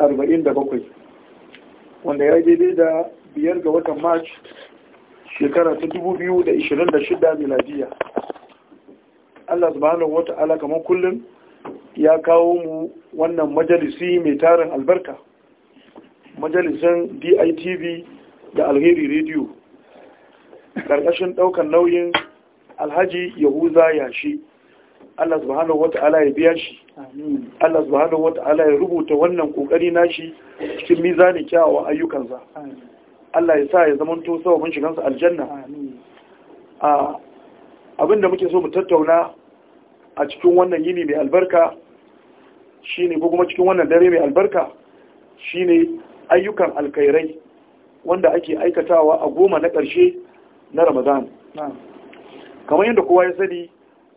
arba'in da bakwai wanda ya daidai da biyar ga watan march shekara ta dubu biyu da ishirin da shida miladiya allah subhanahu wa ta'ala kamar kullum ya kawo mu wannan majalisi mai tarin albarka majalisin ditv da alheri radio ƙarƙashin ɗaukar nauyin alhaji yahuza yashi allah subhanahu wa ta'ala ya biya shi Allah subhanahu wata'ala ya rubuta wannan kokari nashi cikin mizanin kyawawan ayyukansa Allah ya sa ya zama mun sababin shigansa aljanna abinda muke so mu tattauna a cikin wannan yini mai albarka shine ko kuma cikin wannan dare mai albarka shine ayyukan alkhairai wanda ake aikatawa a goma na ƙarshe na Ramadan kamar yadda kowa ya sani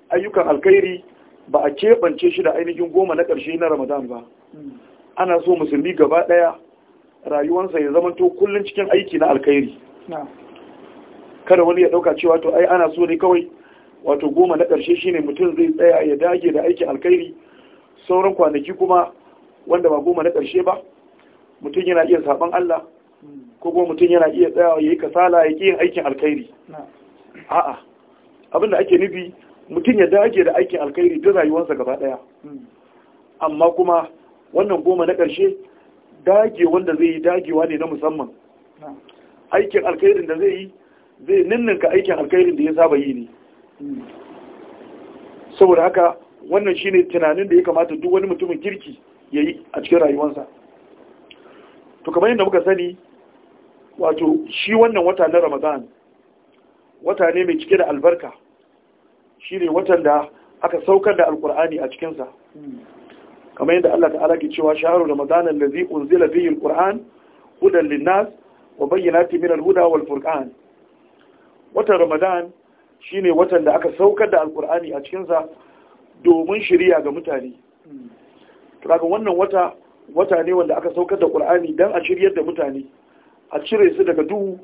ayyukan alkhairi ba a keɓance shi da ainihin goma na ƙarshe na ramadan ba ana so musulmi gaba ɗaya rayuwansa ya zama to kullum cikin aiki na alkhairi kada wani ya ɗauka cewa to ai ana so ne kawai wato goma na ƙarshe shine mutum zai tsaya ya dage da aikin alkhairi sauran kwanaki kuma wanda ba goma na ƙarshe ba mutum yana iya saɓan Allah ko kuma mutum yana iya tsayawa ya yi kasala ya ƙi yin aikin alkhairi a'a abin da ake nufi mutum ya dage da aikin alkhairi ta rayuwarsa gaba daya amma kuma wannan goma na ƙarshe dage wanda zai yi dagewa ne na musamman aikin alkhairin da zai yi zai ninninka aikin alkhairin da ya saba yi ne saboda haka wannan shine tunanin da ya kamata duk wani mutumin kirki ya yi a cikin rayuwarsa to kamar yadda muka sani wato shi wannan wata na ramadan wata ne mai cike da albarka Shi ne watan da aka saukar da alkur'ani a cikinsa kamar yadda Allah ta'ala ke cewa shaharu ramadan allazi unzila biyun ƙur'an, hudan linnas wa bayyana min huda wal furqan watan ramadan shi ne watan da aka saukar da alkur'ani a cikinsa domin shirya ga mutane Raga wannan wata wata ne wanda aka saukar da ƙur'ani don a shiryar da mutane a cire su daga duhu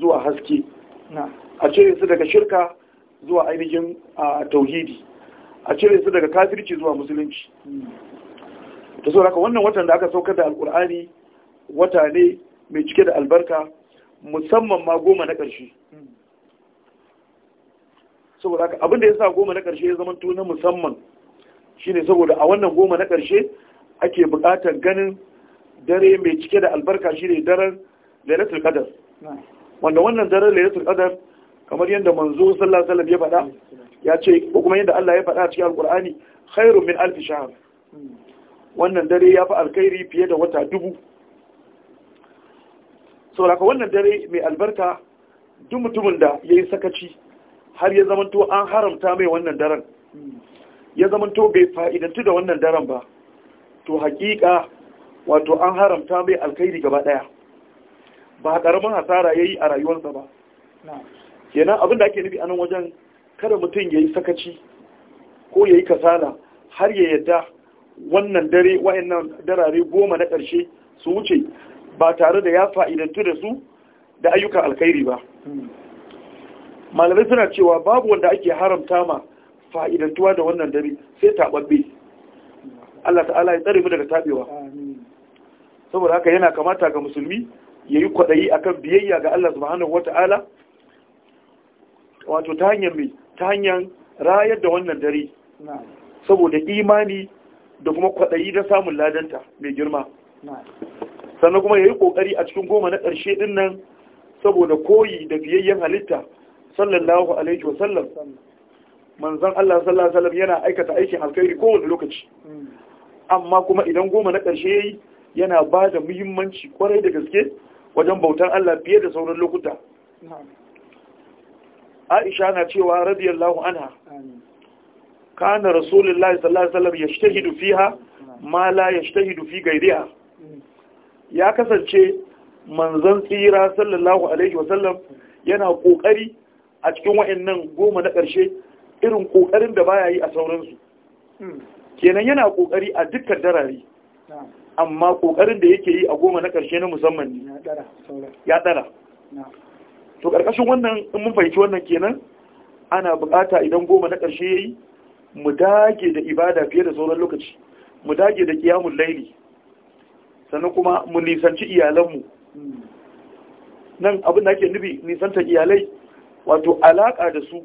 zuwa haske a cire su daga shirka zuwa ainihin tauhidi a cire su daga kafirci zuwa musulunci ta so haka wannan watan da aka saukar da alkur'ani wata ne mai cike da albarka musamman ma goma na ƙarshe saboda haka abinda ya sa goma na ƙarshe ya zama tuna musamman shine saboda a wannan goma na ƙarshe ake buƙatar ganin dare mai cike da albarka shine daren lailatul qadar wanda wannan daren lailatul qadar kamar yadda manzo sallallahu alaihi wasallam ya faɗa ya ce ko kuma yadda Allah ya faɗa a cikin alqur'ani khairun min alf shahr wannan dare ya fi alkhairi fiye da wata dubu saboda wannan dare mai albarka duk mutumin da yayi sakaci har ya zamanto an haramta mai wannan daren ya zamanto bai fa'idantu da wannan daren ba to hakika wato an haramta mai alkhairi gaba daya ba karamin hasara yayi a rayuwarsa ba kenan abin da ake nufi anan wajen kada mutum ya yi sakaci ko ya yi kasala har ya yadda wannan dare wayannan darare goma na ƙarshe su wuce ba tare da ya fa'idantu da su da ayyukan alkhairi ba malamai suna cewa babu wanda ake haramta ma fa'idantuwa da wannan dare sai taɓaɓɓe Allah ta'ala ya tsare mu daga taɓewa saboda haka yana kamata ga musulmi ya yi kwaɗayi akan biyayya ga Allah subhanahu wata'ala wato ta hanyar mai ta hanyar rayar da wannan dare saboda imani da kuma kwaɗayi na samun ladanta mai girma sannan kuma ya yi ƙoƙari a cikin goma na ƙarshe ɗin nan saboda koyi da biyayyen halitta sallallahu alaihi wasallam manzan Allah sallallahu alaihi wasallam yana aikata aikin alkhairi kowane lokaci mm. amma kuma idan goma na ƙarshe yayi yana ba da muhimmanci kwarai da gaske wajen bautan Allah fiye da sauran lokuta aisha na cewa radiyallahu anha kana rasulullahi sallallahu alaihi wasallam yashtahidu fiha ma la yashtahidu fi gairiha mm. ya kasance manzon tsira sallallahu alaihi wasallam yana kokari a cikin wayannan goma na karshe irin kokarin da baya yi a sauransu mm. kenan yana kokari a dukkan darari, amma kokarin da yake yi a goma na karshe na musamman ne ya dara to ƙarƙashin wannan in mun fahimci wannan kenan ana buƙata idan goma na ƙarshe ya yi mu dage da ibada fiye da sauran lokaci mu dage da ƙiyamun laili sannan kuma mu nisanci iyalanmu nan abin da ake nufi nisanta iyalai wato alaƙa da su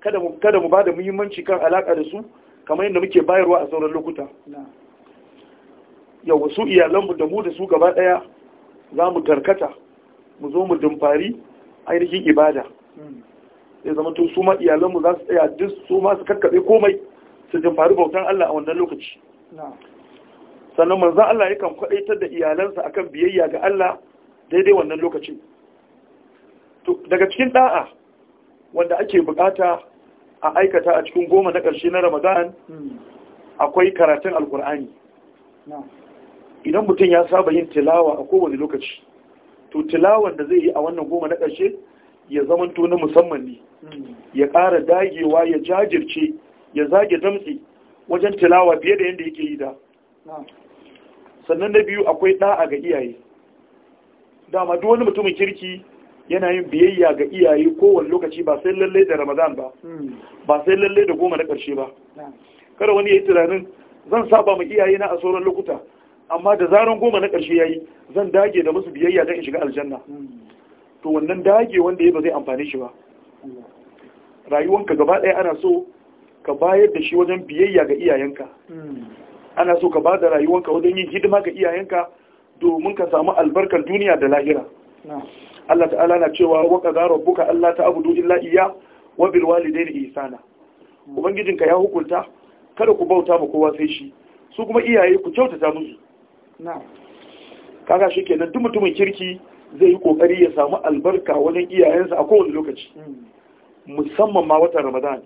kada mu kada mu bada muhimmanci kan alaƙa da su kamar yadda muke bayarwa a sauran lokuta yau wasu iyalanmu da mu da su gaba ɗaya za mu tarkata mu zo mu dumfari ainihin ibada ya hmm. zama tun su iyalanmu za su tsaya duk su ma su kakkaɓe komai su jin faru bautan Allah a wannan lokaci sannan manzan Allah yakan kwaɗaitar da iyalansa akan biyayya ga Allah daidai wannan lokacin daga cikin ɗa'a wanda ake bukata a aikata a cikin goma na ƙarshe na ramadan hmm. akwai karatun alkur'ani idan mutum ya saba yin tilawa a kowane lokaci to tilawan da zai yi a wannan goma na ƙarshe ya zamanto na musamman ne ya ƙara dagewa ya jajirce ya zage damtse wajen tilawa fiye da yadda yake yi da sannan na biyu akwai ɗa'a ga iyaye dama duk wani mutumin kirki yana yin biyayya ga iyaye kowane lokaci ba sai lallai da ramadan ba ba sai lallai da goma na ƙarshe ba kada wani ya yi tunanin zan saba ma iyaye na a sauran lokuta amma da zaran goma na ƙarshe ya yi, zan dage da musu biyayya don in shiga aljanna to wannan dage wanda ya ba zai amfani shi ba rayuwanka gaba ɗaya ana so ka bayar da shi wajen biyayya ga iyayenka ana so ka ba da rayuwanka wajen yin hidima ga iyayenka domin ka samu albarkar duniya da lahira Allah ta'ala na cewa wa buka Allah ta abudu illa iya wa bil walidayni ihsana ubangijinka ya hukunta kada ku bauta ma kowa sai shi su kuma iyaye ku kyautata musu kaga shi kenan duk mutumin kirki zai yi kokari ya samu albarka wajen iyayensa a kowane lokaci hmm. musamman ma watan ramadan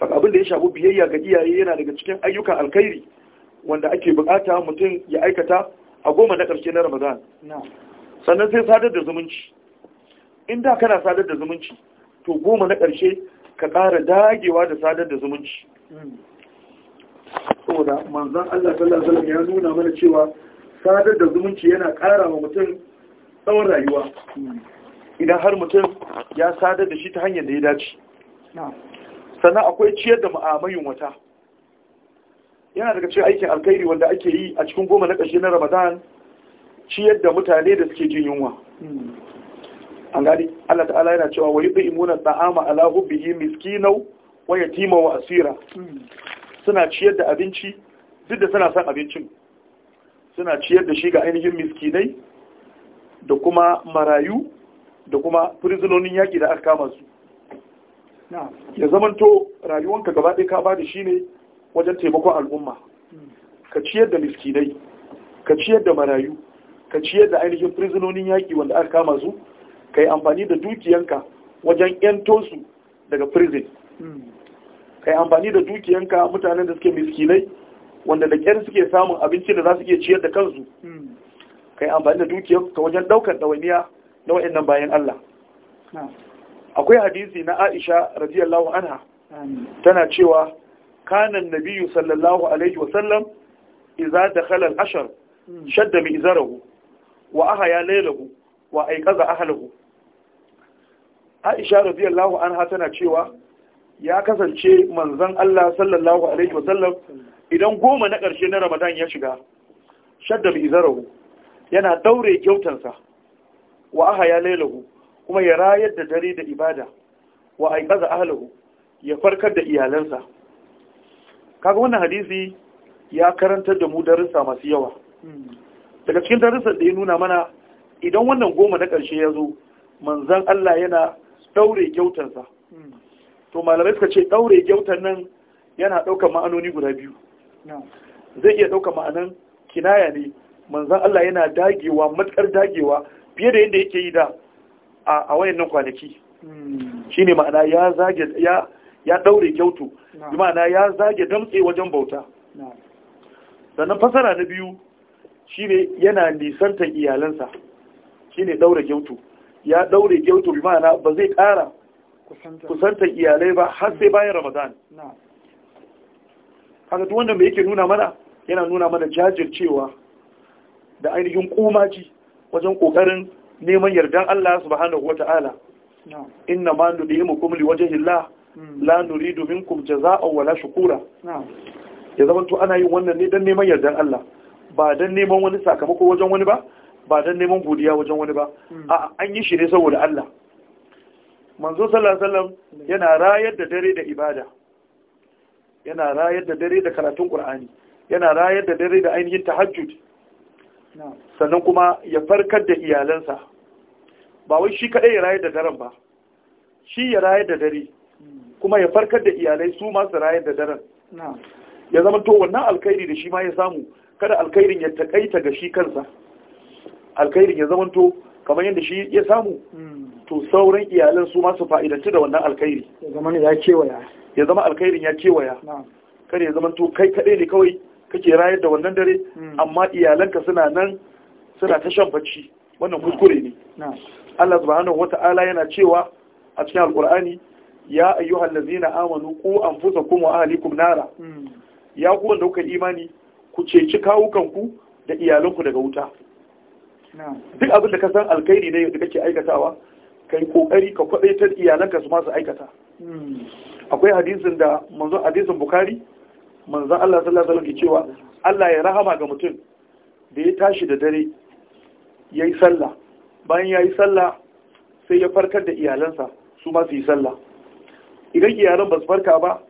saka hmm. abin da ya shafi biyayya ga iyaye yana daga cikin ayyukan alkhairi wanda ake bukata mutum ya aikata a goma na karshe na ramadan sannan sai sadar da zumunci in da kana sadar da zumunci to goma na karshe ka ƙara dagewa da sadar da zumunci hmm. saboda manzan Allah sallallahu alaihi ya nuna mana cewa sadar da zumunci yana ƙara wa mutum tsawon rayuwa idan har mutum ya sadar da shi ta hanyar da ya dace sannan akwai ciyar da ma'amayin wata yana daga cikin aikin alkhairi wanda ake yi a cikin goma na ƙarshe na ramadan ciyar da mutane da suke jin yunwa an gani Allah ta'ala yana cewa wa bi imuna ta'ama ala hubbihi miskinau wa yatima wa asira hmm. suna ciyar da abinci duk da suna son abincin suna ciyar da shi ga ainihin miskinai da kuma marayu da kuma prisonin yaƙi da aka kama su ya zamanto rayuwanka gaba ɗaya ka ba da shi ne wajen taimakon al'umma ka ciyar da miskinai ka ciyar da marayu ka ciyar da ainihin prisonin yaƙi wanda aka kama su ka yi amfani da dukiyanka wajen 'yanto su daga prison hmm. kai amfani da dukiyanka mutanen da suke miskinai wanda da kyar suke samun abinci da za su iya ciyar da kansu kai amfani da dukiyanka wajen daukar ɗawainiya na wa'annan bayan Allah akwai hadisi na Aisha radiyallahu anha tana cewa kanan nabiyyu sallallahu alaihi wa sallam idza dakhala al-ashr hmm. shadda bi izarahu wa ahya laylahu wa aiqaza ahlihi Aisha radiyallahu anha tana cewa ya kasance manzan Allah sallallahu alaihi wasallam idan goma na ƙarshe na Ramadan ya shiga shadda bi izarahu yana daure kyautansa wa ya lailahu kuma ya rayar da dare da ibada wa aiqaza ahalahu ya farkar da iyalansa kaga wannan hadisi ya karantar da mu darussa masu yawa daga cikin darussan da ya nuna mana idan wannan goma na ƙarshe ya zo manzan Allah yana daure kyautansa to malamai suka ce ɗaure gyautan nan yana daukar ma'anoni guda biyu zai iya daukar ma'anan kinaya ne manzon Allah yana dagewa matkar dagewa fiye da yadda yake yi da a wayannan kwanaki hmm. Shi ne ma'ana ya zage ya ma'ana ya zage damtse wajen bauta sannan fasara na biyu Shi ne yana nisantar iyalansa Shi ne daure gyautu ya daure gyautu bi ma'ana ba zai kara kusantar iyalai ba har sai bayan ramadan haka duk wanda mai yake nuna mana yana nuna mana jajircewa da ainihin komaji wajen kokarin neman yardan Allah subhanahu wata'ala inna ma nudimukum liwajhillah hmm. la nuridu minkum jazaa'an wala shukura ya zama to ana yin wannan ne dan neman yardan Allah ba dan neman wani sakamako wajen wani ba ba dan neman godiya wajen wani ba hmm. A'a an yi shi ne saboda Allah manzo sallallahu alaihi yana rayar da dare da ibada yana rayar da dare da karatun qur'ani yana rayar da dare da ainihin tahajjud sannan kuma ya farkar da iyalansa ba wai shi kadai ya rayar da daren ba shi ya rayar da dare hmm. kuma ya farkar da iyalai su ma su rayar da daren ya zama to wannan alkhairi da shi ma ya samu kada alkhairin ya takaita ga shi kansa alkhairin ya zama to kamar yadda shi ya samu to sauran iyalan su masu fa'idanci da wannan alkhairi ya zama ya alkhairin ya kewaya kar ya zama to kai kaɗai ne kawai kake rayar da wannan dare hmm. amma iyalanka suna nan suna ta shan bacci wannan kuskure ne Allah subhanahu wata'ala yana cewa a cikin alkur'ani ya ayyuhal ladzina amanu ko anfusakum wa ahlikum nara hmm. ya ku wanda kuka imani ku ceci kawukan ku da iyalanku daga wuta duk abin da ka san alkairi ne da kake aikatawa kai kokari ka kwadaitar iyalanka su masu aikata akwai hadisin da manzon hadisin bukari manzon Allah sallallahu alaihi wasallam cewa Allah ya rahama ga mutum da ya tashi da dare yayi sallah bayan yayi sallah sai ya farkar da iyalansa su ma su yi sallah idan iyalan ba su farka ba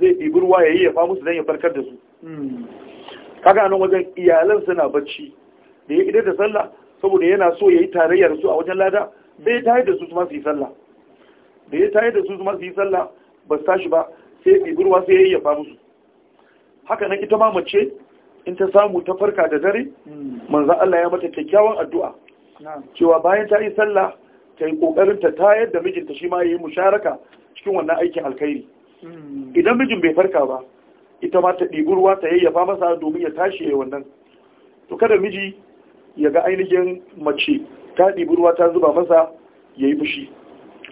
zai ɗibi ruwa yayi yi ya fa musu dan ya farkar da su hmm. kaga nan wajen iyalan suna bacci da ya idar da sallah saboda yana so ya yi tarayya su a wajen lada bai tayar da su su masu yi sallah da ya tayar da su su masu yi sallah ba su tashi ba sai ɗibirwa sai ya yi faru musu haka nan ita ma mace in ta samu ta farka da dare manzan Allah ya mata kyakkyawan addu'a cewa bayan ta yi sallah ta yi kokarin ta tayar da mijinta shi ma ya yi musharaka cikin wannan aikin alkhairi hmm. idan mijin bai farka ba ita ma ta ɗiburwa ta yayyafa masa domin ya tashi ya wannan to kada miji ya ga ainihin mace ta ɗibi ruwa ta zuba masa ya yi fushi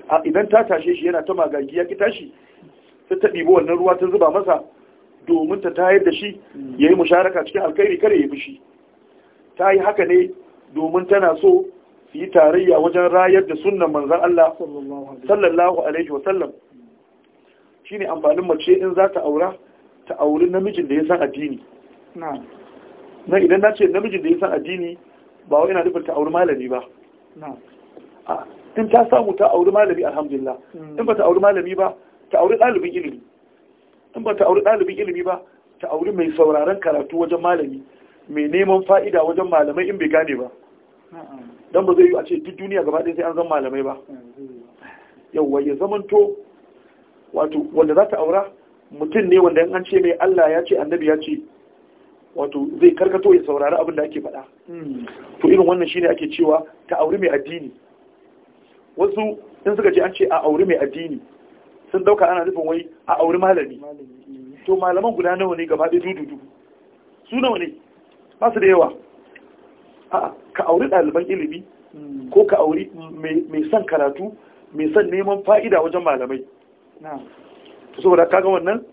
a idan ta tashe shi yana ta magagi ya kita tashi ta ta wannan ruwa ta zuba masa domin ta tayar da shi ya yi musharaka cikin alkhairi kare ya yi fushi ta yi haka ne domin tana so su yi tarayya wajen rayar da sunan manzan Allah sallallahu alaihi wasallam shi ne amfanin mace in za ta aura ta auri namijin da ya san addini na idan na ce namijin da ya san addini ba wa ina nufin ta auri malami ba in ta samu ta auri malami alhamdulillah hmm. in ba ta auri malami ba ta auri ɗalibin ilimi in ba ta auri ɗalibin ilimi ba ta auri mai sauraron karatu wajen malami mai neman fa'ida wajen malamai in bai gane ba don ba zai yi a ce duk duniya gaba ɗaya sai an zan malamai ba Yau ya zamanto wato wanda za ta aura mutum ne wanda an ce mai Allah ya ce annabi ya ce wato zai karkato ya saurari abin da ake faɗa to irin wannan shine ake cewa ta auri mai addini wasu in suka ce an ce a auri mai addini sun dauka ana nufin wai a auri malami to malaman guda nawa ne gaba ɗaya dududu su nawa ne masu da yawa a ka auri ɗaliban ilimi ko ka auri mai son karatu mai son neman fa'ida wajen malamai saboda kaga wannan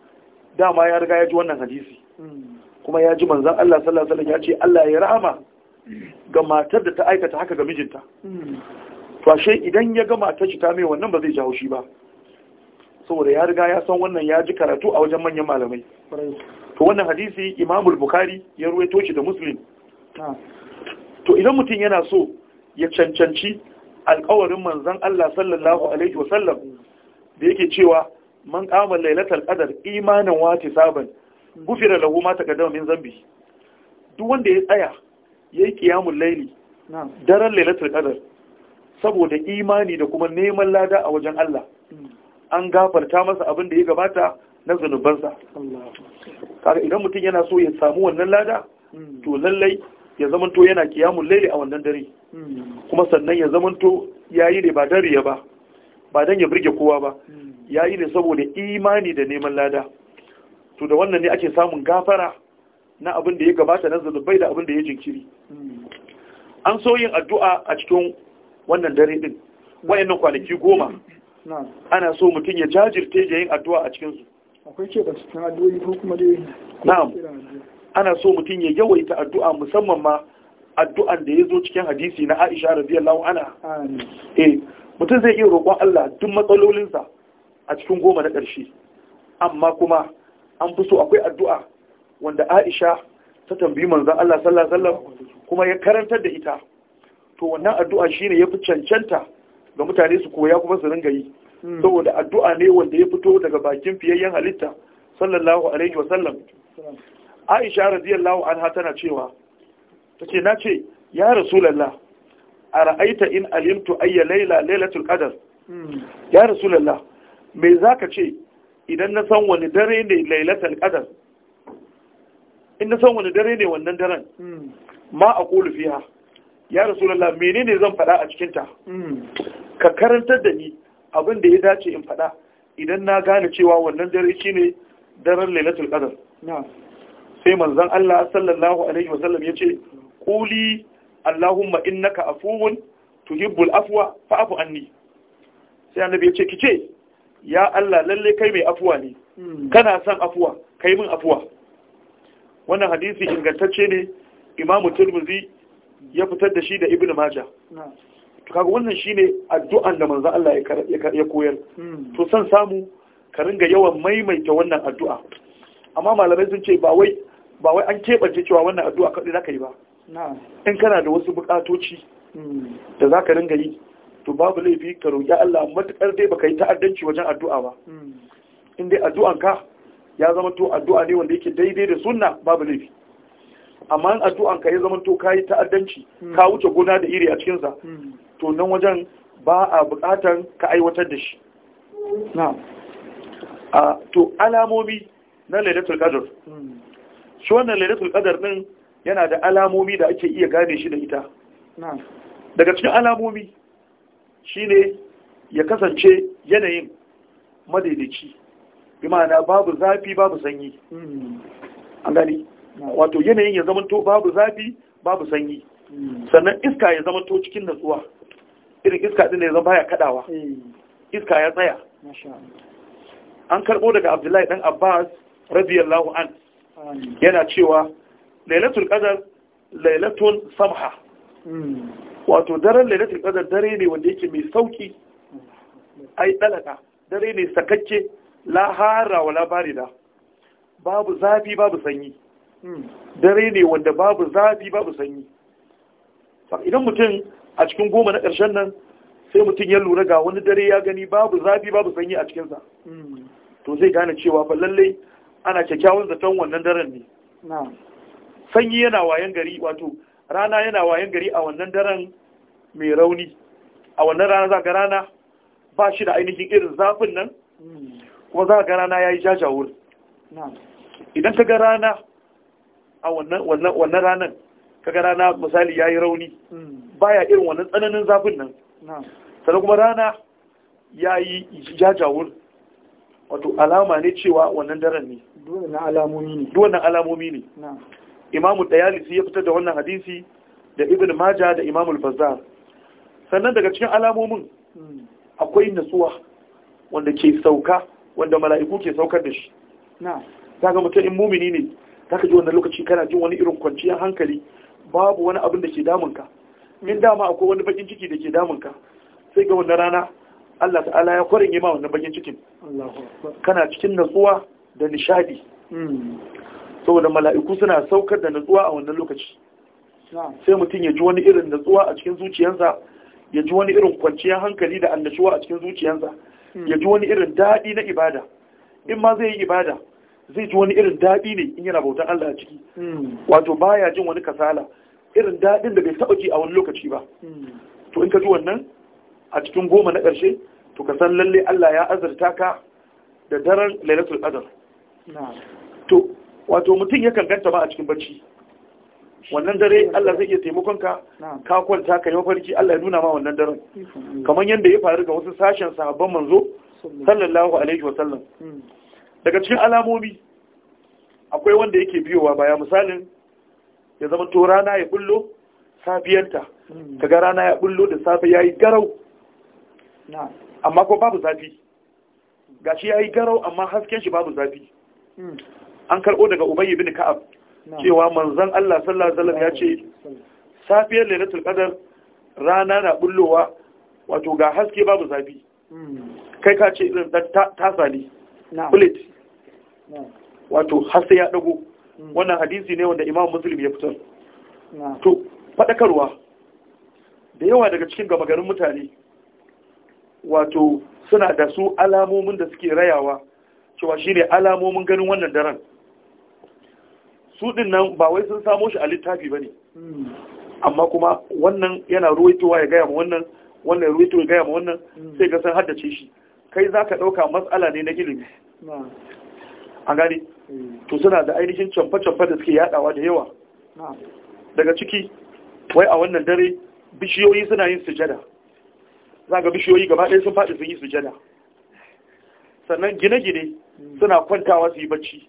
dama ya riga ya ji wannan hadisi mm. kuma ya ji manzan Allah sallallahu alaihi ya ce Allah ya rahama ga matar da ta aikata haka ga mijinta to idan ya ga matar shi ta mai wannan ba zai ji haushi ba saboda ya riga ya san wannan ya ji karatu a wajen manyan malamai to wannan hadisi Imamul bukhari ya ruwaito shi da Muslim to idan mutum yana so ya cancanci alƙawarin manzan Allah sallallahu alaihi wasallam da yake cewa man kama lailatul qadar imanan wa tisaban gufira lahu mata taqaddama min zambi duk wanda ya tsaya yayi kiyamun laili daren lailatul qadar saboda imani da kuma neman lada a wajen Allah hmm. an gafarta masa abin da ya gabata na zunubansa kaga idan mutum yana so ya samu wannan lada hmm. to lallai ya zamanto yana kiyamun laili a wannan dare hmm. kuma sannan ya zamanto yayi ne ba dare ya ba ba dan ya burge kowa ba yayi ne saboda imani da neman lada to da wannan ne ake samun gafara na abin da ya gabata na zunubai da abin da ya jinkiri an so yin addu'a a cikin wannan dare din wayannan kwanaki goma ana so mutum ya jajirce da yin addu'a a cikinsu ana so mutum ya yawaita addu'a musamman ma addu'an da ya zo cikin hadisi na Aisha radiyallahu anha eh mutum zai iya roƙon Allah duk matsalolinsa a cikin goma na ƙarshe amma kuma an fi so akwai addu'a wanda Aisha ta tambayi manzon Allah sallallahu alaihi kuma ya karantar da ita to wannan addu'a shine fi cancanta ga mutane su koya kuma su ringa yi hmm. saboda addu'a ne wanda ya fito daga bakin fiyayyen halitta sallallahu alaihi wasallam Aisha radiyallahu anha tana cewa ce na ce ya A ra'aita in alimtu ayya laila lailatul qadr hmm. ya rasulullah me zaka ce idan na san wani dare ne lailatul qadar in na san wani dare ne wannan daren hmm. ma a kulu fiha ya rasulullah menene zan faɗa a ta hmm. ka karantar da ni abin da ya dace in faɗa idan na gane cewa wannan dare shine daren lailatul qadar sai manzon Allah sallallahu alaihi wasallam yace quli allahumma innaka afuwun tuhibbul afwa fa'fu anni sai annabi yace kice ya Allah lalle kai mai afuwa ne hmm. kana son afuwa kai min afuwa wannan hadisi ingantacce ne Imam tirmidhi ya fitar da shi da Ibn majah to kaga wannan shine addu'an da manzo Allah ya koyar hmm. to san samu ka ringa yawan maimaita wannan addu'a amma malamai sun ce ba wai ba wai an keɓance cewa wannan addu'a kaɗai za ka yi ba in kana da wasu buƙatoci hmm. da za ka ringa yi to babu laifi ka roƙi Allah matuƙar dai baka yi ta'addanci wajen addu'a ba hmm. in dai addu'anka ya zama to addu'a ne wanda yake daidai da sunna babu laifi amma in addu'anka ya zama to ka ta'addanci hmm. ka wuce gona da iri a cikinsa hmm. to nan wajen ba a buƙatar ka aiwatar da shi to alamomi na lailatul qadr shi wannan lailatul qadr din yana da alamomi da ake iya gane shi da ita daga cikin alamomi shine ya kasance yanayin madaidaci bi ma'ana babu zafi babu sanyi an gani wato yanayin ya zamanto babu zafi babu sanyi sannan iska ya zamanto cikin natsuwa irin iska din da ya zama ya kadawa iska ya tsaya an karbo daga abdullahi dan abbas radiyallahu an yana cewa lailatul qadar lailatul samha hmm. wato daren lailatul qadar dare ne wanda yake mai sauki ai dalaka dare ne sakakke la hara wala barida babu zafi babu sanyi hmm. dare ne wanda babu zafi babu sanyi idan mutum a cikin goma na ƙarshen nan sai mutum ya lura ga wani dare ya gani babu zafi babu sanyi a cikinsa hmm. to zai gane cewa fa lallai ana kyakkyawan zaton wannan daren ne sanyi yana wayan gari wato rana yana wayan gari a wannan daren mai rauni a wannan rana za ga rana ba shi da ainihin irin zafin nan kuma za ga rana ya yi jajawur idan ka ga rana a wannan ranar ka ga rana misali ya yi rauni hmm. ba ya irin wannan tsananin zafin nan sannan kuma rana ya yi jajawur wato alama ne cewa wannan daren ne duwannan alamomi ne imamu dayalisi ya fitar da wannan hadisi da ibn maja da imamu bazzar sannan daga cikin alamomin akwai nasuwa wanda ke sauka wanda mala'iku ke saukar da shi na ga mutum in mumini ne za ka ji wannan lokaci kana jin wani irin kwanciyar hankali babu wani abin da ke damun ka. In dama akwai wani bakin ciki da ke damun ka. sai ga wannan rana Allah ta'ala ya kwarin yi ma wannan bakin cikin kana cikin nasuwa da nishadi hmm. saboda mala'iku suna saukar da natsuwa a wannan lokaci sai mutum ya ji wani irin natsuwa a cikin zuciyarsa ya ji wani irin kwanciyar hankali da annashuwa a cikin zuciyarsa ya ji wani irin daɗi na ibada in ma zai yi ibada zai ji wani irin daɗi ne in yana bautan Allah a ciki wato baya jin wani kasala irin daɗin da bai taɓa ji a wani lokaci ba to in ka ji wannan a cikin goma na ƙarshe to ka san lalle Allah ya azurta ka da daren lailatul qadr to wato mutum ya ganta ba a cikin bacci wannan dare Allah zai iya taimakon ka ka kwanta ka yi mafarki Allah ya nuna ma wannan daren kamar yadda ya faru ga wasu sashen sahabban manzo sallallahu alaihi wa sallam hmm. daga cikin alamomi akwai wanda yake biyowa baya misalin ya zama to rana ya bullo safiyarta hmm. kaga rana ya bullo da safe yayi garau amma ko babu zafi gashi yayi garau amma hasken shi babu zafi hmm. an karɓo daga ubayi bin ka'ab cewa manzan Allah sallallahu alaihi wasallam ya ce safiyar lailatul qadar rana na bullowa wato ga haske babu zafi hmm. kai ka ce irin ta tasali bullet wato hasse ya dago hmm. wannan hadisi ne wanda imam muslim ya fitar to faɗakarwa da yawa daga cikin gama garin mutane wato suna da su alamomin da suke rayawa cewa shine alamomin ganin wannan daren su ɗin nan ba wai sun samo shi a littafi ba ne hmm. amma kuma wannan yana ruwaitowa ya gaya ma wannan wannan ruwaitowa ya gaya ma wannan hmm. sai ga san haddace shi kai za ka ɗauka matsala ne na ilimi a gani hmm. to suna da ainihin camfa-camfa da suke yaɗawa da yawa daga ciki wai a wannan dare bishiyoyi suna yin sujada za ga bishiyoyi gaba ɗaya sun faɗi sun yi sujada sannan gine-gine suna kwantawa su yi bacci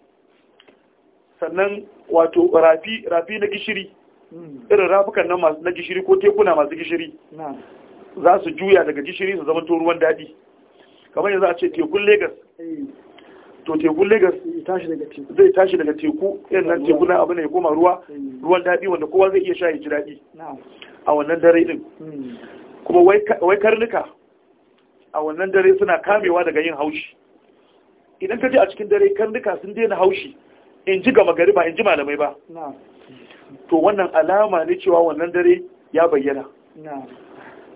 sannan wato rafi rafi na gishiri hmm. irin rafukan nan na gishiri ko tekuna masu gishiri za su juya daga gishiri su zama ruwan daɗi kamar yanzu a ce tekun Legas. Eh. to tekun Legas eh, zai tashi daga teku yan nan teku na abu ne ya koma ruwa eh. ruwan daɗi wanda kowa zai iya sha ya ji daɗi a wannan dare din hmm. kuma wai karnuka a wannan dare suna kamewa daga yin haushi idan ka je a cikin dare karnuka sun daina haushi in ji gama gari ba in ji malamai ba to wannan alama ne cewa wannan dare ya bayyana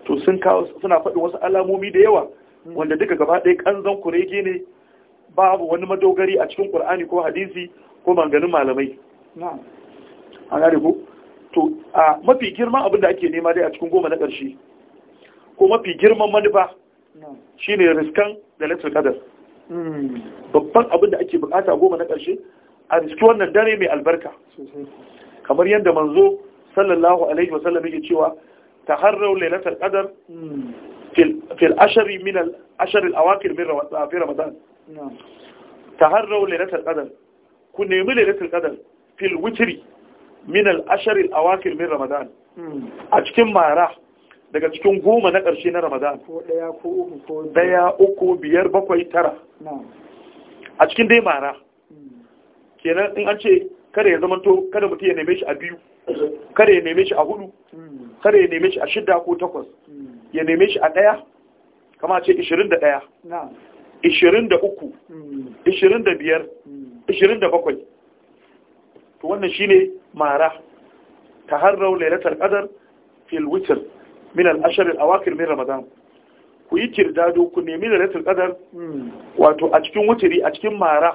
to sun kawo suna faɗi wasu alamomi da yawa mm. wanda duka gaba ɗaya ƙanzan kurege ne babu wani madogari a cikin ƙur'ani ko hadisi ko manganin malamai a gari ko to a mafi girman abin da ake nema dai a cikin goma na ƙarshe ko mafi girman manufa shine riskan da latin kadar mm. babban abin da ake bukata goma na ƙarshe a riski wannan dare mai albarka kamar yadda manzo sallallahu alaihi wasallam yake cewa taharrau lailatul qadar fil ashri min al ashari al awakir min ah, ramadan taharrau lailatul qadar ku nemi lailatul qadar fil witri min al ashri al awakir min ramadan hmm. a cikin mara daga cikin goma na ƙarshe na ramadan daya uku biyar bakwai tara a cikin dai mara kenan in an ce kada ya zama to kada mutum ya neme shi a biyu kada ya neme shi a hudu kada ya neme shi a shida ko takwas ya neme shi a daya kama ce 21 Ishirin da bakwai. to wannan shine mara taharrau lailatul qadar fil witr min al-ashr al-awakir min ramadan ku yi kirdado ku nemi lailatul qadar hmm. wato a cikin wutiri a cikin mara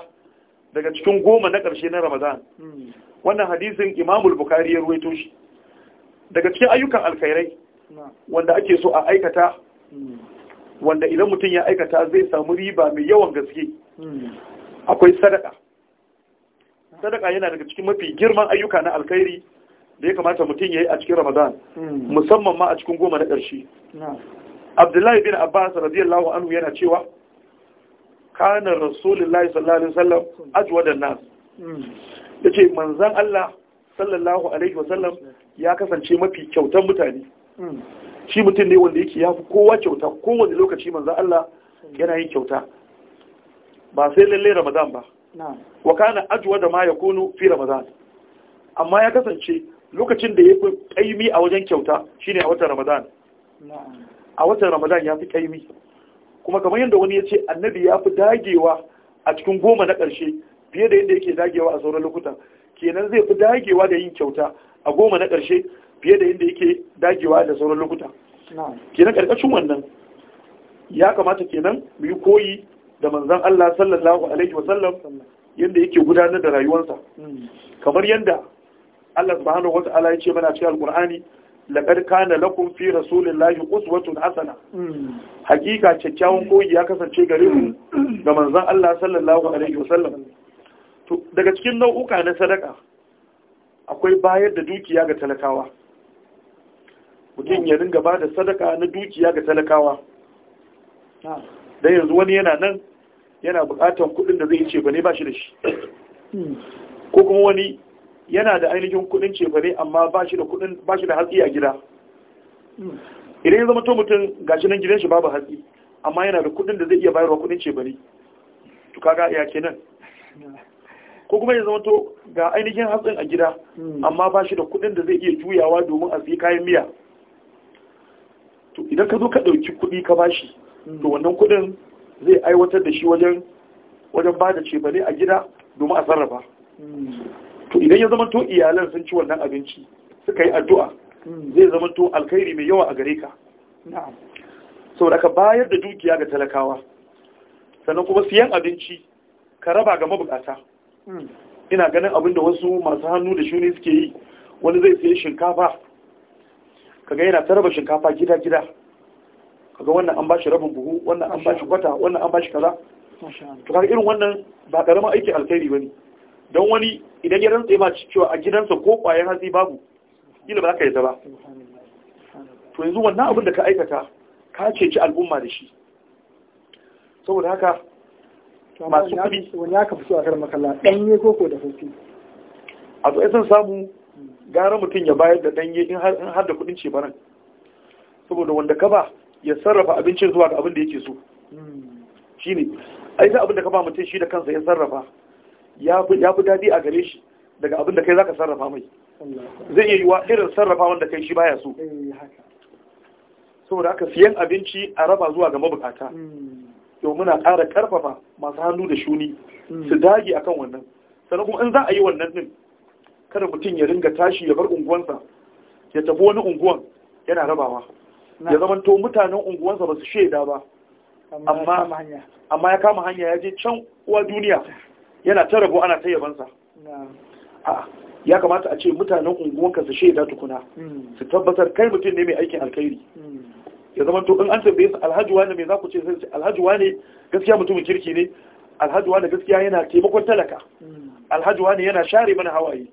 daga cikin goma na ƙarshe na ramadan hmm. wannan hadisin imamul bukari ya ruwaito shi daga cikin ayyukan alkhairai wanda ake so a aikata hmm. wanda idan mutum ya aikata zai samu riba mai yawan gaske hmm. akwai sadaka sadaka yana daga cikin mafi girman ayyuka na alkhairi da ya kamata mutum ya yi a cikin ramadan musamman ma a cikin goma na ƙarshe abdullahi bin abbas radiyallahu anhu yana cewa kana rasulullahi sallallahu alaihi wasallam ajwadan nas hmm. yace manzan Allah sallallahu alaihi wasallam ya kasance mafi kyautan mutane hmm. shi mutum ne wanda yake yafi kowa kyauta kowane lokaci manzan Allah yana yin kyauta ba sai lalle Ramadan ba wa kana ajwada ma yakunu fi Ramadan amma ya kasance lokacin da ya fi kaimi a wajen kyauta shine a watan Ramadan a watan Ramadan ya fi kaimi kuma kamar yadda wani ya ce annabi ya fi dagewa a cikin goma na ƙarshe fiye da yadda yake dagewa a sauran lokutan kenan zai fi dagewa da yin kyauta a goma na ƙarshe fiye da yadda yake dagewa da sauran lokuta kenan ƙarƙashin wannan ya kamata kenan mu yi koyi da manzon Allah sallallahu alaihi wa sallam yadda yake gudanar da rayuwarsa mm. kamar yadda Allah subhanahu wa ta'ala ya ce mana cikin alqur'ani laqad kana lakum fi rasulillahi uswatun hasana hmm. hakika kyakkyawan koyi ya kasance gare mu ga manzon Allah sallallahu alaihi wasallam to daga cikin nau'uka na sadaka akwai bayar da dukiya ga talakawa mutum ya ringa ba da sadaka na dukiya ga talakawa ah. dan yanzu wani yana nan yana buƙatar kuɗin da zai ce ba ne ba shi da shi hmm. ko kuma wani yana da ainihin kudin cefane amma ba shi da kudin ba shi da hatsi a gida idan ya zama to mutum gashi nan gidan shi babu hatsi amma yana da kudin da zai iya bayarwa kudin cefane to kaga ya kenan ko kuma ya zama to ga ainihin hatsin a gida hmm. amma ba shi da kudin da zai iya juyawa domin a sayi kayan miya to idan ka zo ka dauki kudi ka bashi to hmm. wannan kudin zai aiwatar da shi wajen wajen ba da cefane a gida domin a sarrafa hmm. to idan ya zama to iyalan sun ci wannan abinci suka yi addu'a zai zama to alkhairi mai yawa a gare ka saboda ka bayar da dukiya ga talakawa sannan kuma siyan abinci ka raba ga mabukata hmm. ina ganin abin da wasu masu hannu da shuni suke yi wani zai siya shinkafa Ka ga yana ta raba shinkafa gida-gida ka ga wannan an ba shi rabin buhu wannan an ba shi kwata wannan an ba shi kaza to kaga irin wannan ba karamin aikin alkhairi bane don wani idan ya rantsa ba cewa a gidansa ko kwayan hatsi babu gina ba ka yi ba to yanzu wannan abin da ka aikata ka ceci al'umma da shi saboda haka masu kudi wani aka fi a karin makalla ɗanye koko da fufi a to sun samu gara mutum ya bayar da ɗanye in har da kuɗin ce baran saboda wanda ka ba ya sarrafa abincin zuwa ga abin da yake so hmm. shine ai za abin da ka ba mutum shi da kansa ya sarrafa ya fi daɗi a gare shi daga abin da kai za ka sarrafa mai zai iya wa irin sarrafa wanda kai shi baya so eh, saboda aka siyan abinci a raba zuwa ga mabukata hmm. yau muna ƙara ƙarfafa masu hannu da shuni hmm. su dage akan wannan sannan kuma in za a yi wannan din kada mutum ya ringa tashi ya bar unguwansa ya tafi wani unguwan yana rabawa ya zamanto mutanen unguwansa ba su shaida ba amma ya kama hanya ya je can uwa duniya yana ta rabo ana ta yabansa ya kamata a ce mutanen unguwanka su shaida tukuna hmm. su tabbatar kai mutum ne mai aikin alkhairi hmm. ya zama to in an tambaye su alhaji wani mai za ku ce sai alhaji wani gaskiya mutumin kirki ne alhaji wani gaskiya yana taimakon talaka hmm. alhaji wani yana share mana hawaye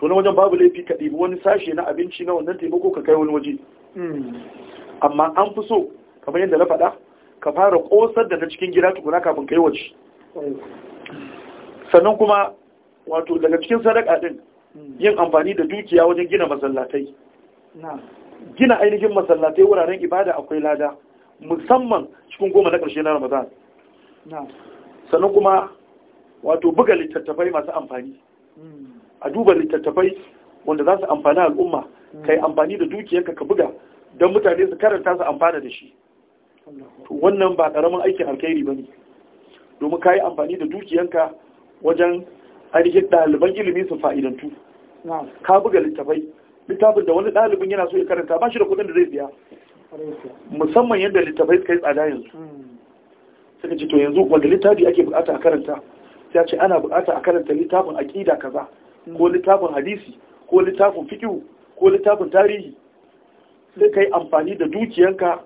to wajen babu laifi ka ɗibi wani sashe na abinci na wannan taimako ka kai wani waje amma an fi so kamar yadda na faɗa ka fara ƙosar da na cikin gida tukuna kafin kai waje sannan kuma wato daga cikin sadaka din hmm. yin amfani da dukiya wajen gina masallatai gina ainihin masallatai wuraren ibada akwai lada musamman cikin goma na ƙarshe na ramadan sannan kuma wato buga littattafai masu amfani hmm. a duba littattafai wanda za su amfani al'umma hmm. kai yi amfani da dukiyarka ka buga don mutane su karanta su amfana da shi wannan ba ƙaramin aikin alkhairi ba ne domin ka yi amfani da dukiyanka wajen ainihin ɗaliban ilimi su fa'idantu ka buga littafai littafin da wani ɗalibin yana so ya karanta ba shi da kuɗin da zai biya musamman yadda littafai suka yi tsada yanzu hmm. suka ce to yanzu wanda littafi ake bukata a karanta ya ce ana bukata a karanta littafin aƙida kaza ko hmm. littafin hadisi ko littafin fikihu ko littafin tarihi sai ka yi amfani da dukiyanka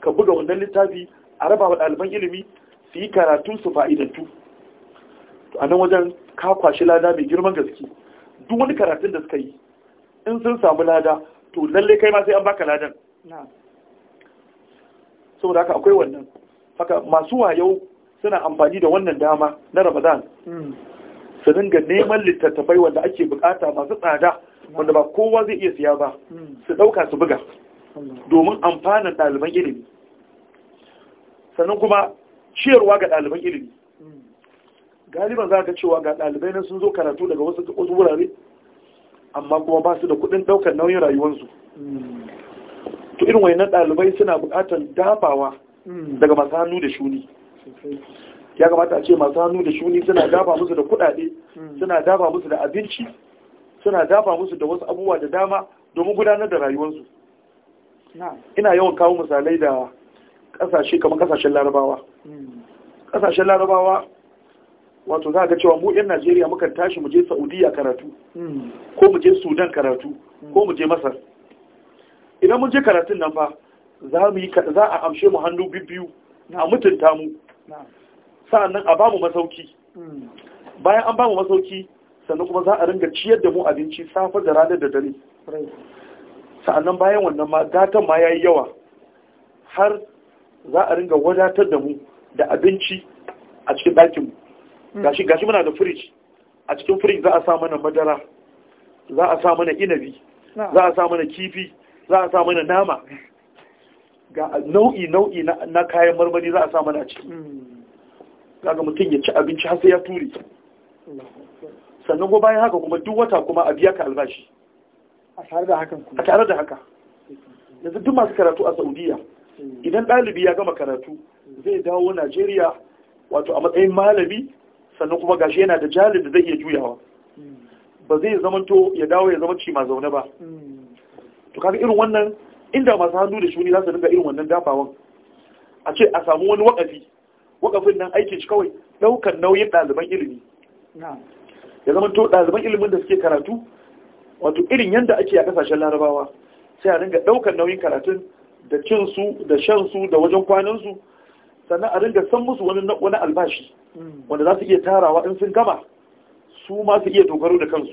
ka buga wannan littafi a raba wa ɗaliban ilimi su yi karatun su fa'idantu a nan wajen ka lada mai girman gaske duk wani karatun da suka yi in sun samu lada to lalle kai ma sai an baka ladan saboda haka akwai wannan haka masu wayo suna amfani da wannan dama na ramadan mm. su dinga neman littattafai wanda ake bukata masu tsada wanda ba kowa zai iya siya ba mm. su dauka su buga domin amfanin ɗaliban ilimi sannan kuma ciyarwa ga ɗaliban ilimi galiban za ka cewa ga ɗalibai nan sun zo karatu daga wasu wurare amma kuma ba su da kuɗin ɗaukar nauyin rayuwarsu to irin wayannan ɗalibai suna buƙatar dafawa daga masu hannu da shuni ya kamata a ce masu hannu da shuni suna dafa musu da kuɗaɗe suna dafa musu da abinci suna dafa musu da wasu abubuwa da dama domin gudanar da rayuwarsu ina yawan kawo misalai da kasashe kamar kasashen larabawa kasashen larabawa wato za ga cewa mu 'yan najeriya muka tashi mu je saudiya karatu ko mu sudan karatu ko mu je masar idan muje karatun nan fa za a amshe mu hannu biyu a mutunta mu sa'annan a bamu masauki bayan an bamu masauki sannan kuma za a ringa ciyar da mu abinci safe da ranar da dare sa'annan bayan wannan ma gatan ma ya yi yawa har za a ringa wadatar da mu da abinci a cikin ɗakinmu mm. gashi gashi muna da firij a cikin firij za a sa mana madara za a sa mana inabi ah. za a sa mana kifi za a sa mana nama ga nau'i nau'i na kayan marmari za a sa mana ciki mm. ga mutum ya ci abinci har sai ya ture sannan ko bayan haka kuma duk wata kuma a biya ka albashi a tare da haka yanzu duk masu karatu a saudiya idan ɗalibi ya gama karatu zai dawo najeriya wato a matsayin malami sannan kuma gashi yana da jalib da zai iya juyawa ba zai zamanto ya dawo ya zama ci ma zaune ba to kaga irin wannan inda masu hannu da shuni za su dinga irin wannan dafawan a ce a samu wani wakafi wakafin nan aiki shi kawai ɗaukar nauyin ɗaliban ilimi ya zama to ɗaliban ilimin da suke karatu wato irin yadda ake a ƙasashen larabawa sai a dinga ɗaukar nauyin karatun da cinsu da shansu da wajen kwanansu sannan a ringa san musu wani albashi wanda za su iya tarawa in sun gama su ma su iya dogaro da kansu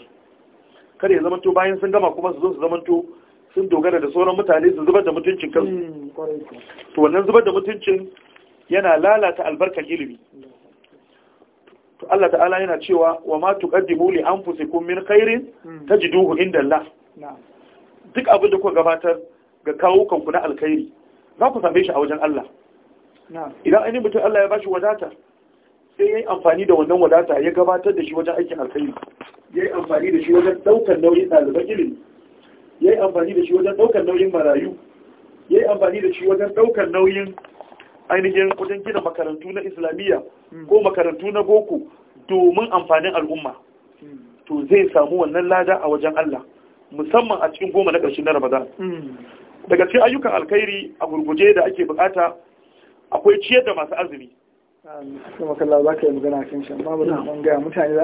kada ya zamanto bayan sun gama kuma su zo su zamanto sun dogara da sauran mutane su zubar da mutuncin kansu mm, to wannan zubar da mutuncin yana lalata albarkar ilimi to Allah ta'ala yana cewa wa ma tuqaddimu li anfusikum min khairin mm. tajiduhu inda Allah duk abin da kuka gabatar ga kawo kanku na alkhairi za ku same shi a wajen Allah idan ainihin mutum Allah ya bashi wadata sai ya yi amfani da wannan wadata ya gabatar da shi wajen aikin alkhairi ya yi amfani da shi wajen ɗaukar nauyin ɗaliban ilimi ya yi amfani da shi wajen ɗaukar nauyin marayu ya yi amfani da shi wajen ɗaukar nauyin ainihin wajen gina makarantu na islamiyya hmm. ko makarantu na boko domin amfanin al'umma hmm. to zai samu wannan lada a wajen Allah musamman a cikin goma na ƙarshen na Ramadan hmm. daga cikin ayyukan alkhairi a gurguje da ake bukata akwai ciyar da masu azumi kuma kallon za ka yi magana kan shan babu da ban gaya mutane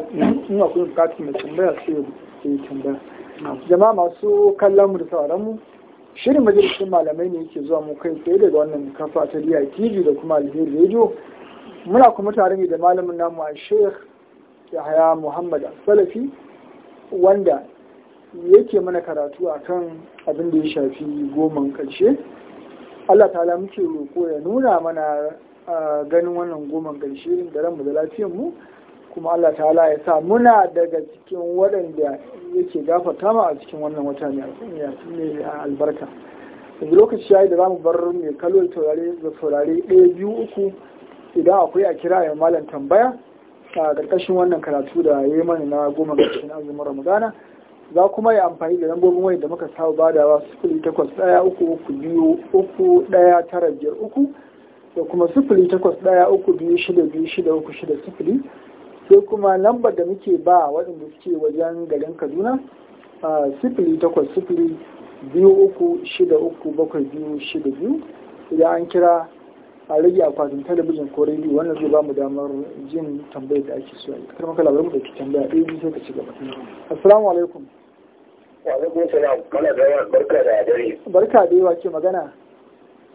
in akwai bukatun mai tambaya sai yi tambaya jama'a masu kallon mu da sauran mu shirin majalisun malamai ne yake zuwa mu kai tsaye daga wannan kafa ta DI TV da kuma Alheri Radio muna kuma tare ne da malamin namu a Sheikh Yahaya Muhammad Salafi wanda yake mana karatu akan abin da ya shafi goman ƙarshe Allah ta'ala muke roƙo ya nuna mana ganin wannan goman ƙarshe da ranmu da lafiyar mu kuma Allah ta'ala ya sa muna daga cikin waɗanda yake gafata mu a cikin wannan wata ne a albarka yanzu lokaci ya yi da za mu bar mai kallo taurare da taurare ɗaya biyu uku idan akwai a kira ya malam tambaya a ƙarƙashin wannan karatu da ya yi mana na goma na azumin ramadana za kuma yi amfani da lambobin wani da muka saba badawa sifili takwas ɗaya uku uku biyu uku ɗaya tara biyar uku da kuma sifili takwas ɗaya uku biyu shida biyu shida uku shida sifili sai kuma lambar da muke ba waɗanda suke wajen garin kaduna sifili takwas sifili biyu uku shida uku bakwai biyu shida biyu idan an kira a rage akwatin talabijin ko rediyo wannan zai bamu damar jin tambayar da ake so a yi kar maka labarin da ke tambaya ɗaya biyu sai ka ci gaba assalamu alaikum wa alaikum salam kana da yawa barka da dare barka da yawa ke magana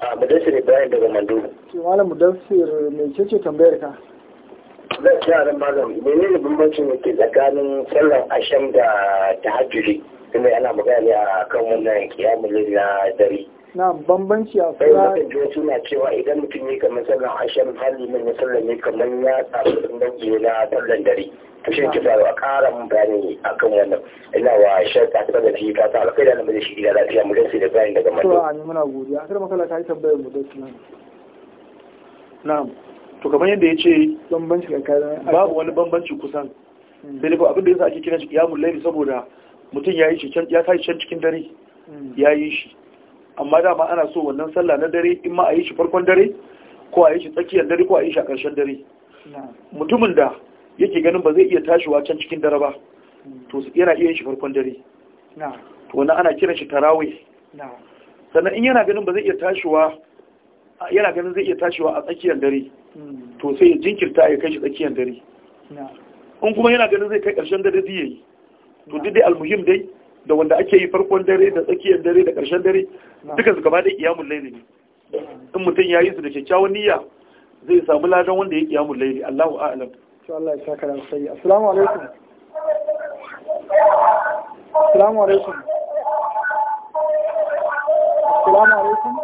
a ah, mudassir bayan daga mando ke malam mudassir mai ce ce tambayar ka zan ci ran malam menene bambancin ke tsakanin sallan asham da tahajjudi tunda ana magana ne a kan wannan kiyamun na dare na bambanci a suna da zaka suna cewa idan mutum ya kamar sallan ashen hali mai sallan ne kamar ya tsamu bangi na sallan dare to shi ke fara ƙara mun bayani kan wannan ina wa shar ta tsada da fita ta alƙaida na mai shi gida lafiya mu dan sai da bayan daga manzo to a muna godiya akar makala ta yi tambayar mu da sunan na'am to kamar yadda ya ce bambanci babu wani bambanci kusan hmm. sai dai abin da yasa ake kiran shi ya mulai saboda mutum ya yi shi ya shi can cikin dare hmm. ya yi shi amma dama ana so wannan sallah na dare in ma a yi shi farkon dare ko a yi shi tsakiyar dare ko a yi shi a ƙarshen dare mutumin da yake ganin ba zai iya tashiwa can cikin dare ba hmm. to yana iya yin shi farkon dare to wannan ana kiran shi tarawih sannan in yana ganin ba zai iya tashiwa yana ganin zai iya tashiwa a tsakiyar dare hmm. to sai ya jinkirta ya kai shi tsakiyar dare in kuma yana ganin zai kai ƙarshen dare zai yi to duk dai almuhim dai da wanda ake yi farkon dare da tsakiyar dare da ƙarshen dare duka su gaba da kiyamun laili ne in mutum ya yi su da kyakkyawan niyya zai samu ladan wanda ya yi kiyamun laili Allahu a'lam Allah ya saka ran sai assalamu alaikum assalamu alaikum assalamu alaikum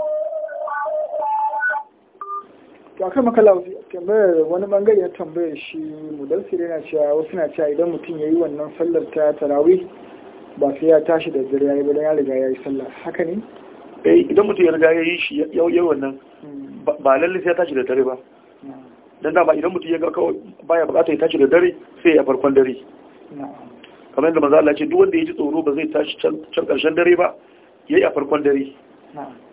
to akan makala tambayar wani bangare ya tambaye shi mudassir yana cewa wasu na cewa idan mutum ya yi wannan sallar ta tarawih ba sai ya tashi da dare ya yi ba ya riga ya yi sallah haka ne eh idan mutum ya riga ya yi shi yau yau wannan hmm. ba lalle sai ya tashi da dare ba dan dama idan mutum ya ga kawai baya bukata ya tashi da dare sai ya farkon dare kamar yadda maza Allah ce duk wanda ya ji tsoro ba zai tashi can karshen dare ba ya yi a farkon dare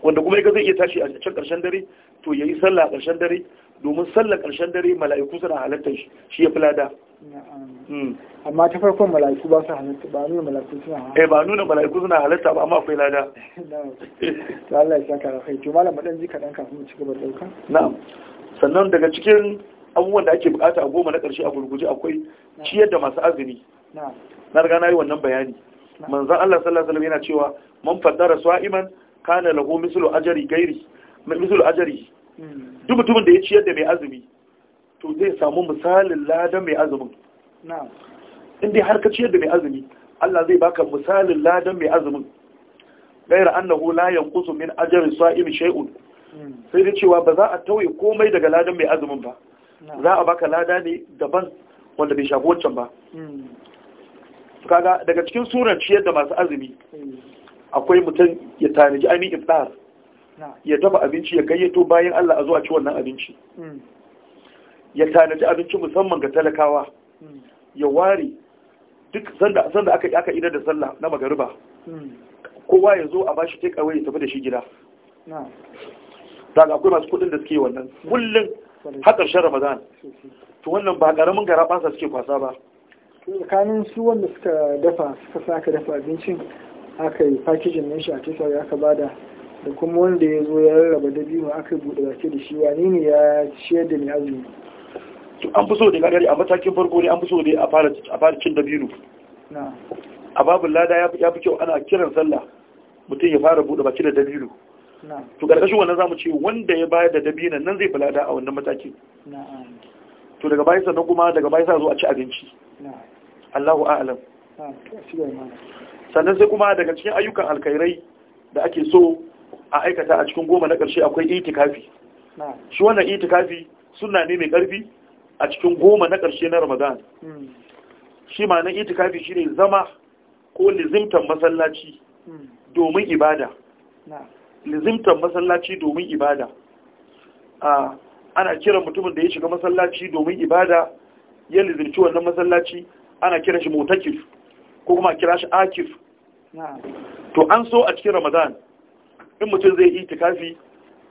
wanda kuma ya zai iya tashi a can karshen dare to ya yi sallah a karshen dare domin sallah karshen dare mala'iku suna halartar shi ya fi lada amma ta farkon mala'iku ba su halatta ba nuna mala'iku suna halatta eh, ba nuna mala'iku suna halatta ba amma akwai lada to Allah ya saka da kai to malam madan ji kadan kafin mu ci gaba dauka na'am sannan daga cikin abubuwan da ake bukata a goma na karshe a gurguje akwai ciyar da masu azumi na riga na yi wannan bayani manzan Allah sallallahu alaihi wasallam yana cewa man faddara sa'iman kana lahu mislu ajri gairi mislu ajri hmm. duk mutumin da ya ciyar da mai azumi to zai samu misalin ladan mai azumin in dai har ka ciyar da mai azumi Allah zai baka misalin ladan mai azumin gaira annahu Layan, yanqusu min ajri sa'im shay'un hmm. sai da cewa ba za a tauye komai daga ladan mai azumin ba za a baka lada ne daban wanda bai shafi wancan ba hmm. kaga daga cikin sunan ciyar da masu azumi hmm. akwai mutum ya tanaji ainihin ɗar, ya dafa abinci ya gayyato bayan Allah a zo ci wannan abinci ya tanaji abinci musamman ga talakawa ya ware duk sanda aka aka idar da sallah na magariba kowa ya zo a bashi take away ya tafi da shi gida daga akwai masu kudin da suke wannan kullum har ƙarshen ramadan to wannan ba ƙaramin gara ɓasa suke kwasa ba tsakanin su wanda suka dafa suka sa aka dafa abincin aka yi fakijin nan shi a tisa ya ka bada da kuma wanda ya zo ya rarraba biyu aka buɗe da shi wani ne ya ciyar da mai azumi an fi so da gari a matakin farko ne an fi so ne a fara cin dabino a babin lada ya fi kyau ana kiran sallah mutum ya fara buɗe baki da dabino to ƙarƙashin wannan za mu ce wanda ya bayar da dabino nan zai fi lada a wannan matakin to daga bayan sannan kuma daga bayan sa zo a ci abinci Allahu a'alam sannan sai kuma daga cikin ayyukan alkhairai da ake so a aikata a cikin goma na ƙarshe akwai itikafi shi wannan itikafi suna ne mai ƙarfi a cikin goma na ƙarshe na ramadan hmm. shi ma na itikafi shi ne zama ko lizimtan masallaci hmm. domin ibada lizimtan masallaci domin ibada ana kiran mutumin da ya shiga masallaci domin ibada ya lizimci wannan masallaci ana kiran shi motakif ko kuma kira shi akif to an so a cikin ramadan in mutum zai itikafi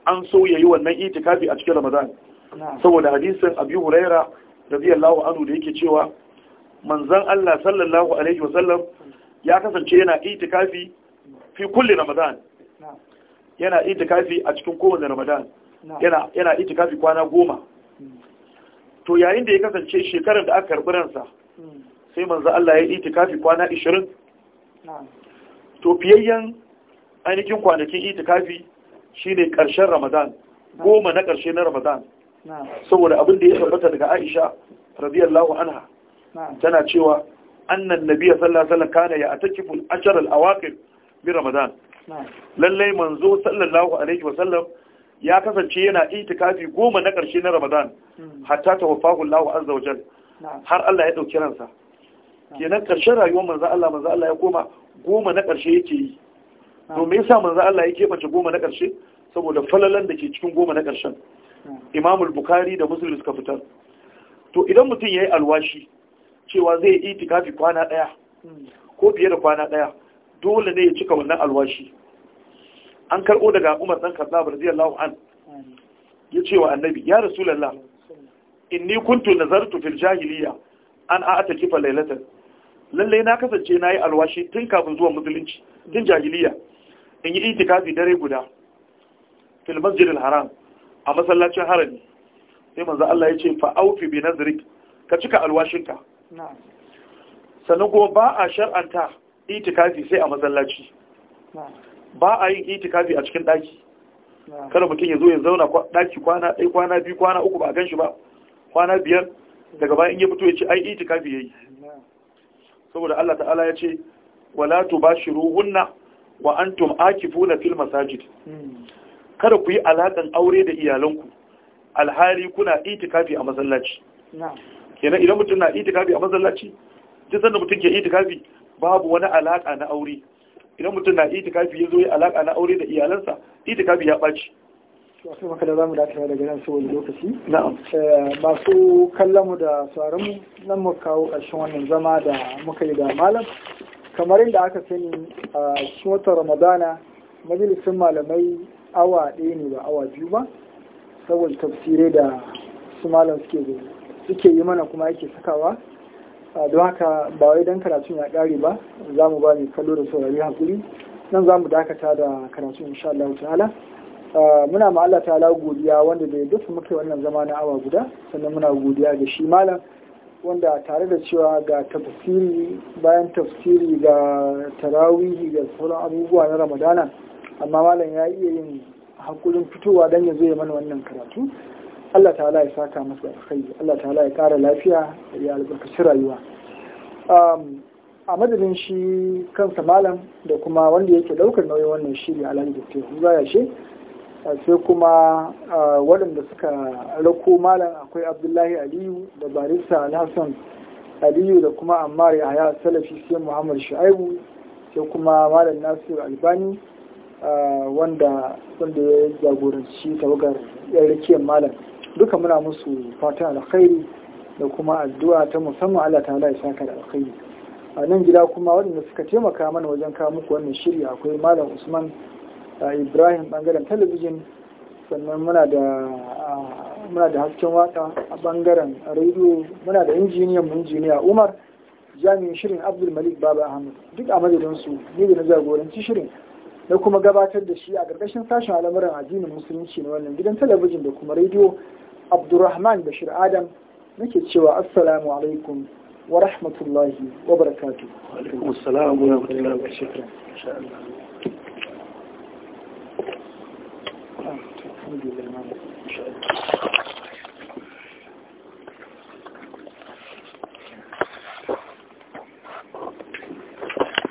an so ya yi wannan itikafi a cikin ramadan saboda hadisin abu huraira radiyallahu anhu da yake cewa manzan Allah sallallahu alaihi wasallam ya kasance yana itikafi fi kulli ramadan yana itikafi a cikin kowanne ramadan yana yana itikafi kwana goma to yayin da ya kasance shekarar da aka karbi ransa sai manzan Allah ya itikafi kwana 20 to fiyayyen ainihin kwanakin itikafi shine karshen ramadan goma na karshe na ramadan saboda abin da ya tabbata daga Aisha radiyallahu anha tana cewa annan nabiyya sallallahu alaihi wasallam kana ya atakifu al-ashr al-awaqir min Ramadan lallai manzo sallallahu alaihi wasallam ya kasance yana itikafi goma na karshe na Ramadan hatta tawaffahu Allah azza wa jalla har Allah ya dauki ransa kenan karshen rayuwar manzo Allah manzo Allah ya koma goma na karshe yake yi to me yasa manzo Allah ya keɓance goma na karshe saboda falalan da ke cikin goma na karshen. imamul bukari da Musulmi suka fitar to idan mutum ya yi alwashi cewa zai yi itikafi kwana ɗaya ko fiye da kwana ɗaya dole ne ya cika wannan alwashi an karɓo daga umar ɗan kazzab radiyallahu an ya cewa annabi ya rasulallah inni kuntu nazartu fil jahiliya an a'ata kifa lailatan lalle na kasance na yi alwashi tun kafin zuwa musulunci tun jahiliya in yi itikafi dare guda fil masjidil haram a masallacin harami sai manzo Allah ya ce fa aufi bi nazrik ka cika alwashinka sannan kuma ba a shar'anta itikafi sai a masallaci ba a yin itikafi a cikin daki kada mutum ya zo ya zauna daki kwana ɗai kwana biyu kwana uku ba a ganshi ba kwana biyar daga bayan ya fito ya ce ai itikafi yayi saboda Allah ta'ala ya ce wala tubashiruhunna wa antum akifuna fil masajid hmm. kada ku yi alaƙan aure da iyalanku alhali kuna itikafi a masallaci kenan idan mutum na itikafi a masallaci duk sanda mutum ke itikafi babu wani alaƙa na aure idan mutum na itikafi ya zo ya alaƙa na aure da iyalansa itikafi ya ɓaci wasu maka da zamu dacewa daga nan saboda lokaci na'am eh, masu kallon mu da sauran mu nan mu kawo ƙarshen wannan zama da muka yi da malam kamar yadda aka sani a shi wata ramadana majalisun malamai awa ɗaya ne ba awa biyu ba saboda tafsirai da su malam suke suke yi mana kuma yake sakawa don haka ba wai dan karatun ya ƙare ba za mu ba ne kallo da saurari hakuri nan za mu dakata da karatun insha Allah ta'ala muna ma Allah ta'ala godiya wanda da duka muka wannan zama na awa guda sannan muna godiya ga shi malam wanda tare da cewa ga tafsiri bayan tafsiri ga tarawihi ga sauran abubuwa na ramadana amma malam ya iya yin hakurin fitowa don ya zo ya mana wannan karatu Allah ta'ala ya saka masa alkhairi Allah ta'ala ya kara lafiya ya albarkaci rayuwa a madadin shi kansa malam da kuma wanda yake daukar nauyin wannan shiri alhaji da teku zaya shi sai kuma waɗanda suka rako malam akwai abdullahi aliyu da barista alhassan aliyu da kuma ammar yahaya salafi sai muhammad shu'aibu sai kuma malam nasiru albani wanda wanda ya jagoranci tawagar yan rikiyar malam duka muna musu fata alkhairi da kuma addu'a ta musamman Allah ta halaye saka da alkhairi a nan gida kuma waɗanda suka taimaka mana wajen kawo muku wannan shiri akwai malam usman ibrahim bangaren talabijin sannan muna da muna da hasken waka a bangaren rediyo muna da injiniyan mu injiniya umar jami'in shirin Abdulmalik malik baba ahmad duk a madadin su ne da na jagoranci shirin da kuma gabatar da shi a ƙarƙashin sashen al'amuran addinin musulunci na wannan gidan talabijin da kuma rediyo abdurrahman bashir adam nake cewa assalamu alaikum wa rahmatullahi wa barakatu Thank you.